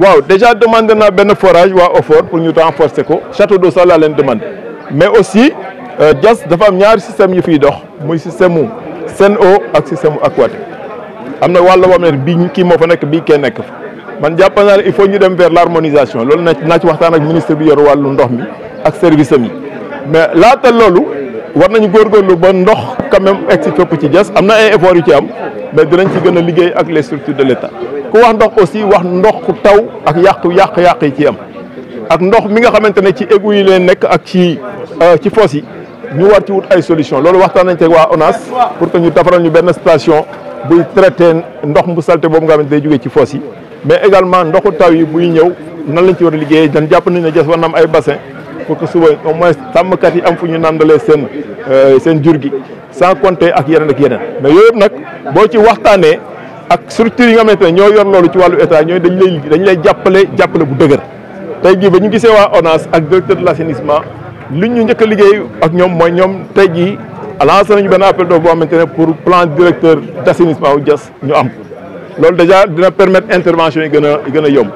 waaw déjà demandé naa benn forage waa OFOR pour ñu renforcer ko château d'eau sax laa leen demande mais aussi jas euh, dafa am ñaari système yu fiy dox muy système mu Sen'Eau ak système mu aquatique am na wàll wam ne bii kii moo fa nekk bii ke nekk fa man jàpp naa ne il faut ñu dem vers l'harmonisation loolu naa ci waxtaan ak ministre bi yor wàllu ndox mi ak service am mais laata loolu war nañu góor góorgóorlu ba ndox quand même egg ci jas am na ay efforts yu ci am mais dinañ ci gën a liggéey ak les structures de l'État ku wax ndox aussi wax ndox ku taw ak yàqu yàq-yàq yi ci am ak ndox mi nga xamante ne ci égout yi leen nekk ak ci euh, ci fosse yi ñu war ci wut ay solution loolu waxtaan nañ ci waa ONAS pour que ñu defaral ñu benn station buy traité ndox mu salte boobu nga xamante day jógee ci fosse yi mais également ndoxu taw yi buy ñëw nan lañ ci war a liggéeyee dan jàpp nañ ne ges war na am ay bassin pour que suba au moins sàmmkat yi am fu ñu nandalee seen euh, seen jur gi sans compter ak yeneen ak yeneen mais yooyu yëpp nag boo ci waxtaanee ak structure yi nga xamante ne ñoo yor loolu ci wàllu état ñooy dañ lay dañ lay jàppale jàppale bu dëgër tey jii ba ñu gisee waa ONAS ak directeur de l'assainissement li ñu njëkk liggéey ak ñoom mooy ñoom tey jii lancé nañu benn appel d'offres boo xamante ne pour plan directeur d'assainissement wu Diass ñu am loolu déjà dina permettre intervention yi gën a gën a yomb